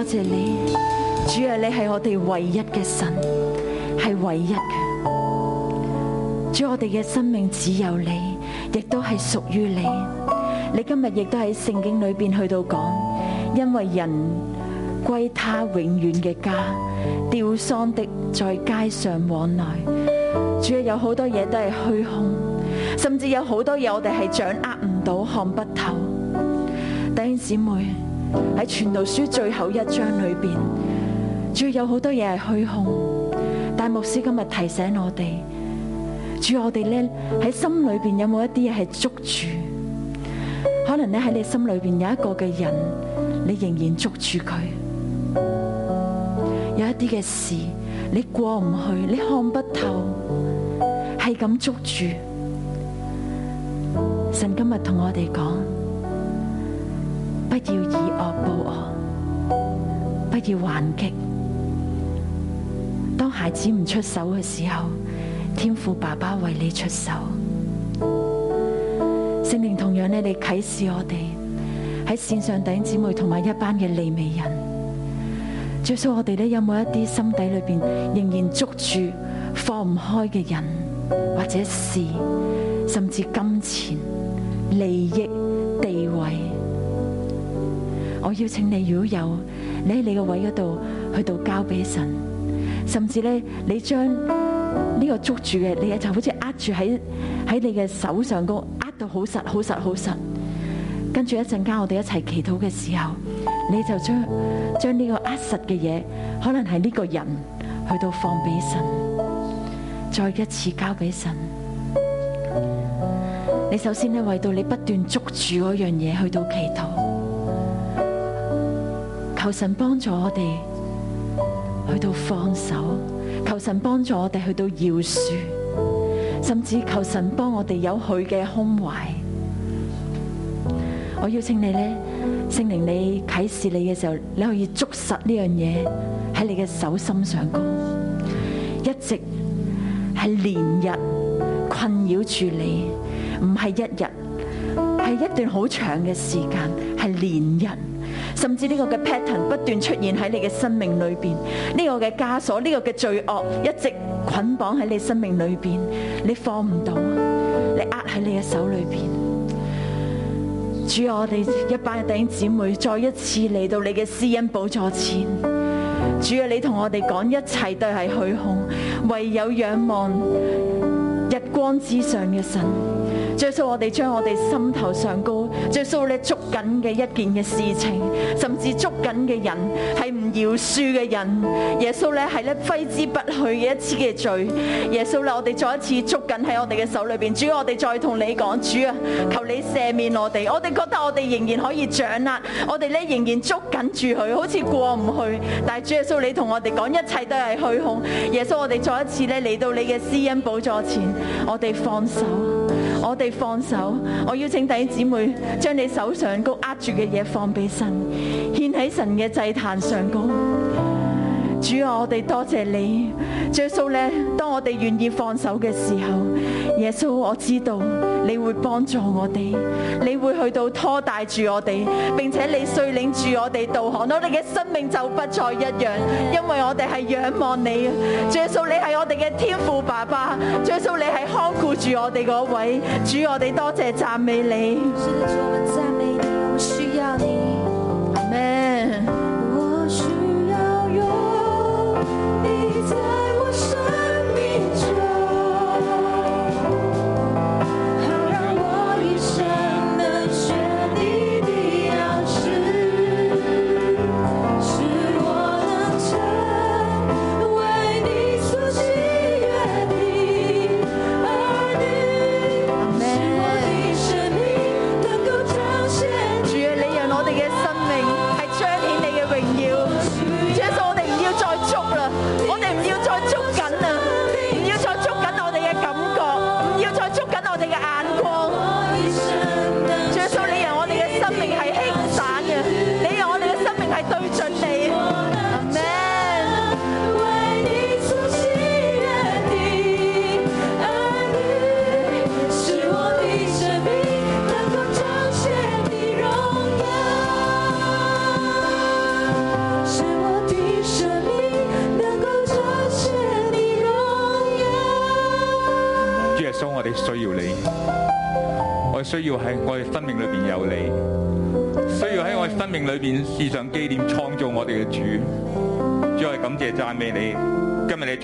多謝你，主要你係我哋唯一嘅神，係唯一嘅。主，我哋嘅生命只有你，亦都係屬於你。你今日亦都喺聖經裏邊去到講，因為人歸他永遠嘅家，吊喪的在街上往來。主要有好多嘢都係虛空，甚至有好多嘢我哋係掌握唔到、看不透。弟兄姊妹。喺傳道書最後一章裏邊，仲要有好多嘢係虛空，但牧師今日提醒我哋，主要我哋咧喺心裏邊有冇一啲嘢係捉住？可能你喺你心裏邊有一個嘅人，你仍然捉住佢；有一啲嘅事，你過唔去，你看不透，係咁捉住。神今日同我哋講。不要以惡報惡，不要還擊。當孩子唔出手嘅時候，天父爸爸為你出手。聖靈同樣咧，你啟示我哋喺線上弟兄姊妹同埋一班嘅利未人，告訴我哋咧，有冇一啲心底裏邊仍然捉住放唔開嘅人或者事，甚至金錢、利益、地位。我邀請你，如果有你喺你個位嗰度，去到交俾神，甚至咧，你將呢個捉住嘅，你就好似握住喺喺你嘅手上高，握到好實、好實、好實。跟住一陣間，我哋一齊祈禱嘅時候，你就將將呢個握實嘅嘢，可能係呢個人去到放俾神，再一次交俾神。你首先咧，為到你不斷捉住嗰樣嘢去到祈禱。求神幫助我哋去到放手，求神幫助我哋去到饒恕，甚至求神幫我哋有佢嘅胸懷。我邀請你咧，聖靈你啟示你嘅時候，你可以捉實呢樣嘢喺你嘅手心上高，一直係連日困擾住你，唔係一日，係一段好長嘅時間，係連日。甚至呢個嘅 pattern 不斷出現喺你嘅生命裏邊，呢個嘅枷鎖，呢個嘅罪惡一直捆綁喺你的生命裏邊，你放唔到，你握喺你嘅手裏邊。主要我哋一班弟兄姊妹再一次嚟到你嘅施恩寶座前，主要你同我哋講一切都係虛空，唯有仰望日光之上嘅神。最少，我哋將我哋心頭上高，最少咧捉緊嘅一件嘅事情，甚至捉緊嘅人係唔饒恕嘅人，耶穌咧係咧揮之不去嘅一次嘅罪，耶穌咧我哋再一次捉緊喺我哋嘅手裏邊，主我哋再同你講，主啊，求你赦免我哋，我哋覺得我哋仍然可以掌握，我哋咧仍然捉緊住佢，好似過唔去，但係主耶穌，你同我哋講，一切都係虛空，耶穌，我哋再一次咧嚟到你嘅施恩寶座前，我哋放手。我哋放手，我邀請弟兄姊妹將你手上高握住嘅嘢放俾神，獻喺神嘅祭壇上高。主要、啊、我哋多謝，謝你，耶穌咧。當我哋願意放手嘅時候，耶穌，我知道你會幫助我哋，你會去到拖帶住我哋，並且你率領住我哋導航。我哋嘅生命就不再一樣，因為我哋係仰望你，耶穌、啊，你係我哋嘅天父爸爸，耶穌、啊，你係看顧住我哋嗰位。主、啊，我哋多謝讚美你。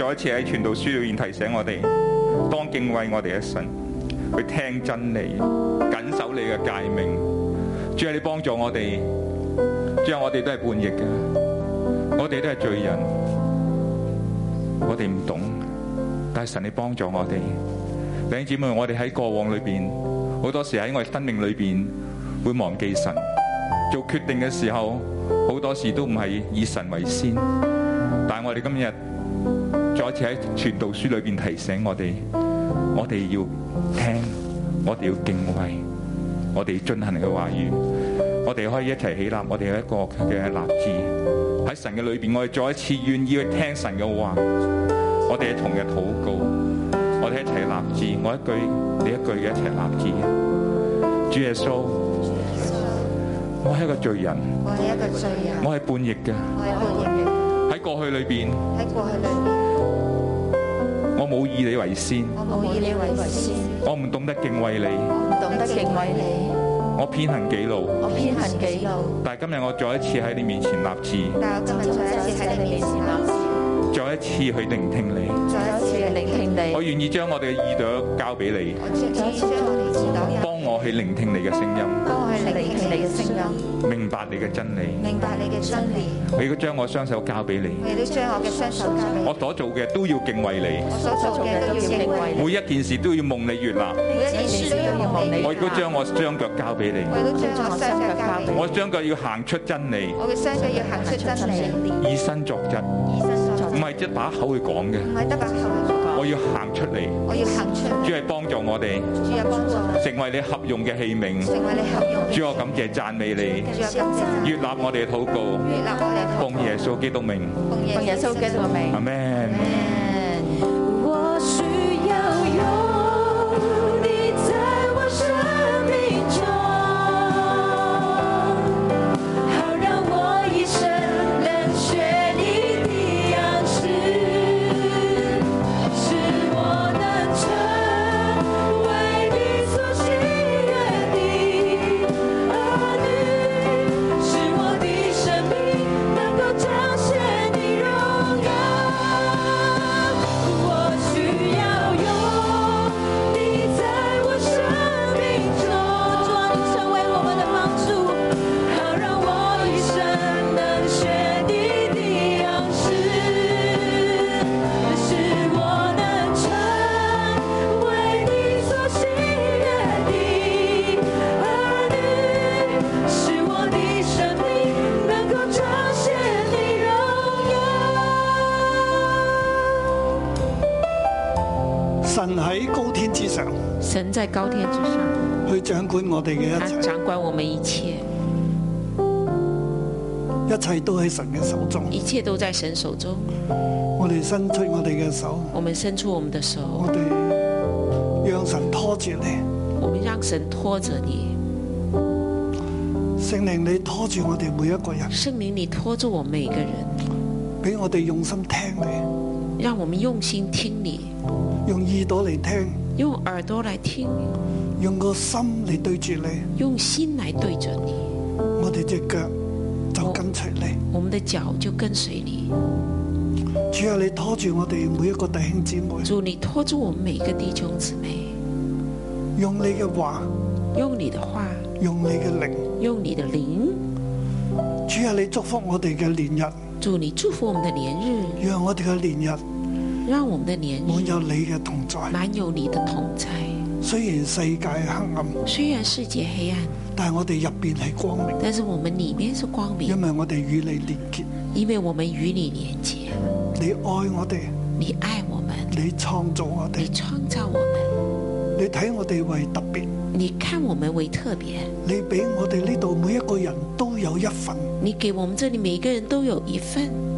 再一次喺《傳道書》裏面提醒我哋，當敬畏我哋嘅神，去聽真理，緊守你嘅誡命。主啊，你幫助我哋，主啊，我哋都係叛逆嘅，我哋都係罪人，我哋唔懂。但係神，你幫助我哋，弟兄姊妹，我哋喺過往裏邊好多時喺我哋生命裏邊會忘記神，做決定嘅時候好多時都唔係以神為先。但係我哋今日。喺傳道書裏邊提醒我哋，我哋要聽，我哋要敬畏，我哋要進行嘅話語，我哋可以一齊起立，我哋有一個嘅立志喺神嘅裏邊，我哋再一次願意去聽神嘅話，我哋係同一個禱告，我哋一齊立志，我一句你一句嘅一齊立志。主耶穌，我係一個罪人，我係一個罪人，我係叛逆嘅，我係叛逆嘅，喺過去裏邊，喺過去裏邊，我冇以你為先，我冇以你為先，我唔懂得敬畏你，唔懂得敬畏你，我偏行己路，我偏行己路，但今日我再一次喺你面前立志，但我今日再一次喺你面前立。再一次去聆聽你，再一次去聆聽你。我願意將我哋嘅耳朵交俾你，再一次將我嘅耳朵，幫我去聆聽你嘅聲音，幫我去聆聽你嘅聲音。明白你嘅真理，明白你嘅真理。我亦都將我雙手交俾你，我亦都將我嘅雙手交俾你，我所做嘅都要敬畏你，我所做嘅都要敬畏你。每一件事都要蒙你悅納，每一件事都要蒙你悅納。我亦都將我雙腳交俾你，我亦都雙腳交俾你，我將腳要行出真理，我嘅雙腳要行出真理，以身作則。唔係一把口去講嘅，我要行出嚟。我要行出嚟，主要係幫助我哋，幫助成為你合用嘅器皿，成為你合用。主我感謝讚美你，主啊悅納我哋嘅禱告，我哋奉耶穌基督名，奉耶穌基督名，阿門。在高天之上，去掌管我哋嘅一切，啊，掌管我們一切，一切都喺神嘅手中，一切都在神手中。我哋伸出我哋嘅手，我們伸出我們的手，我哋讓神拖住你，我們讓神拖着你。聖靈，你拖住我哋每一個人，聖靈，你拖住我每一個人，俾我哋用心聽你，讓我們用心聽你，用耳朵嚟聽。用耳朵來聽，用個心嚟對住你，用心來對住你。我哋隻腳就跟隨你，我們的腳就跟隨你。主啊，你拖住我哋每一個弟兄姊妹。主，你拖住我們每一個弟兄姊妹。你姊妹用你嘅話，用你嘅話，用你嘅靈，用你嘅靈。主啊，你祝福我哋嘅年日。主，你祝福我們嘅年,年日。讓我哋嘅年日。讓我們的滿有你嘅同在，滿有你的同在。雖然世界黑暗，雖然世界黑暗，但係我哋入邊係光明。但是我哋裏面是光明，因為我哋與你連結。因為我哋與你連結，你愛我哋，你愛我們，你創造我哋，你創造我們，你睇我哋為特別，你看我們為特別，你俾我哋呢度每一個人都有一份，你給我們這裏每一個人都有一份。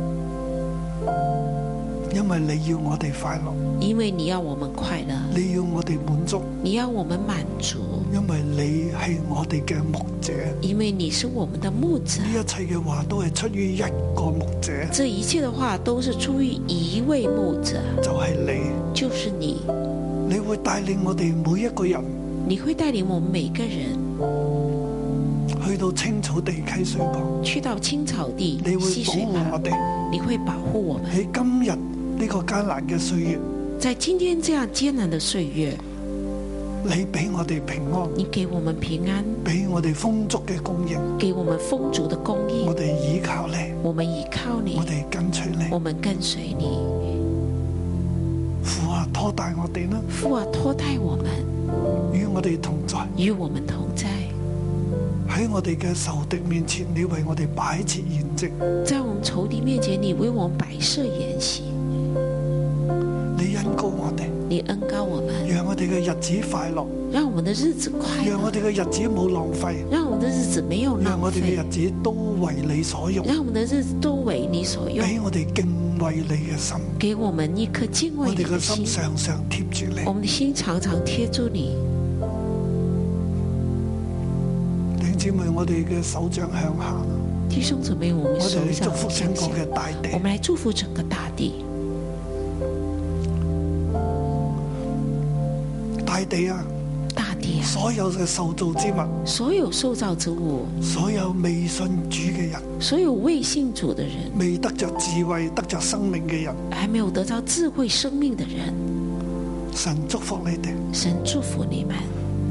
因為你要我哋快樂，因為你要我們快樂，你要我哋滿足，你要我們滿足。因為你係我哋嘅牧者，因為你是我們的牧者。呢一切嘅話都係出於一個牧者，這一切嘅話都是出於一位牧者，就係、是、你，就是你。你會帶領我哋每一個人，你會帶領我們每個人去到青草地溪水旁，去到青草地，你會保護我哋，你會保護我們呢、這個艱難嘅歲月，在今天這樣艱難嘅歲月，你俾我哋平安，你給我們平安，俾我哋豐足嘅供應，給我們豐足嘅供應。我哋依靠你，我哋依靠你，我哋跟隨你，我們跟隨你。父啊，托帶我哋啦！父啊，托帶我們，與我哋同在，與我們同在。喺我哋嘅仇敵面前，你為我哋擺設筵席。在我們仇敵面前，你為我們擺設筵席。你恩高我哋，你恩高我們，讓我哋嘅日子快樂，讓我們嘅日子快樂，讓我哋嘅日子冇浪費，讓我哋嘅日子沒有浪費，讓我哋嘅日子都為你所用，讓我哋嘅日子都為你所用，俾我哋敬畏你嘅心，給我們一顆敬畏你嘅心，我哋嘅心常常貼住你，我們的心常常貼住你。弟兄姊妹，我哋嘅手掌向下，弟兄姊妹，我哋祝福整個大地，我們來祝福整個大地。大地啊，所有嘅受造之物，所有受造之物，所有未信主嘅人，所有未信主嘅人，未得着智慧、得着生命嘅人，還沒有得着智慧生命嘅人，神祝福你哋，神祝福你們，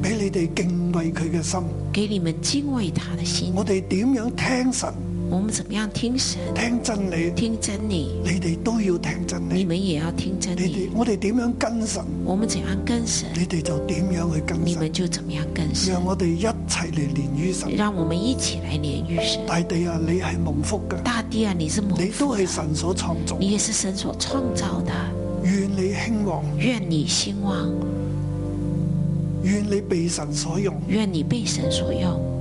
俾你哋敬畏佢嘅心，給你們敬畏他的心，我哋點樣聽神？我們怎麼樣聽神？聽真理，聽真理。你哋都要聽真理。你們也要聽真理。你我哋點樣跟神？我們怎樣跟神？你哋就點樣去跟神？你們就怎麼樣跟神？讓我哋一齊嚟連於神。讓我們一起來連於神。大地啊，你是蒙福的。大地啊，你是蒙福的。你都是神所創造的。你也是神所創造的。願你興旺。願你興旺。願你被神所用。願你被神所用。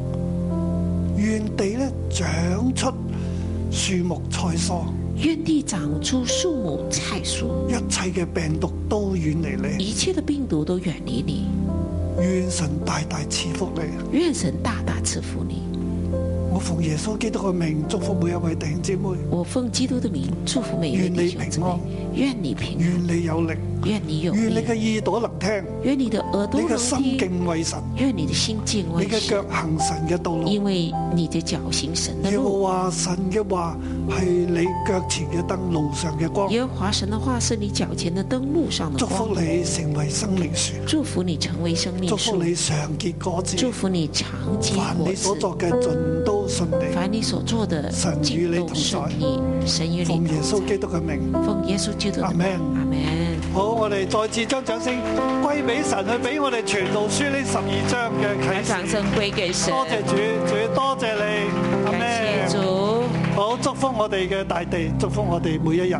原地咧，長出樹木菜蔬。原地長出樹木菜蔬。一切嘅病毒都遠離你。一切的病毒都遠離你。願神大大賜福你。願神大大賜福你。我奉耶穌基督嘅名祝福每一位弟兄姊妹。我奉基督的名祝福每一位弟兄姊妹。願你平安。願你平安。願你有力。願你有願你嘅耳願你的耳朵，你的心敬畏神，你的心敬畏神，你的腳行神的道路，因為你的腳行神的道路。要話神的話，嗯、是你腳前的燈路上的光，要話神的話是你腳前的燈路上的光。祝福你成為生命樹，祝福你成為生命樹，祝福你常結果子，祝福你常結果子。凡你所做的盡都順利，凡你所做的盡都順利。神與你同在，神與你同在，奉耶穌基督的名，奉耶穌基督的名，阿門，阿門。好，我哋再次將掌聲歸俾神，去俾我哋傳道書呢十二章嘅啟示。掌聲歸幾，多謝主，仲要多謝你。啟示好祝福我哋嘅大地，祝福我哋每一日。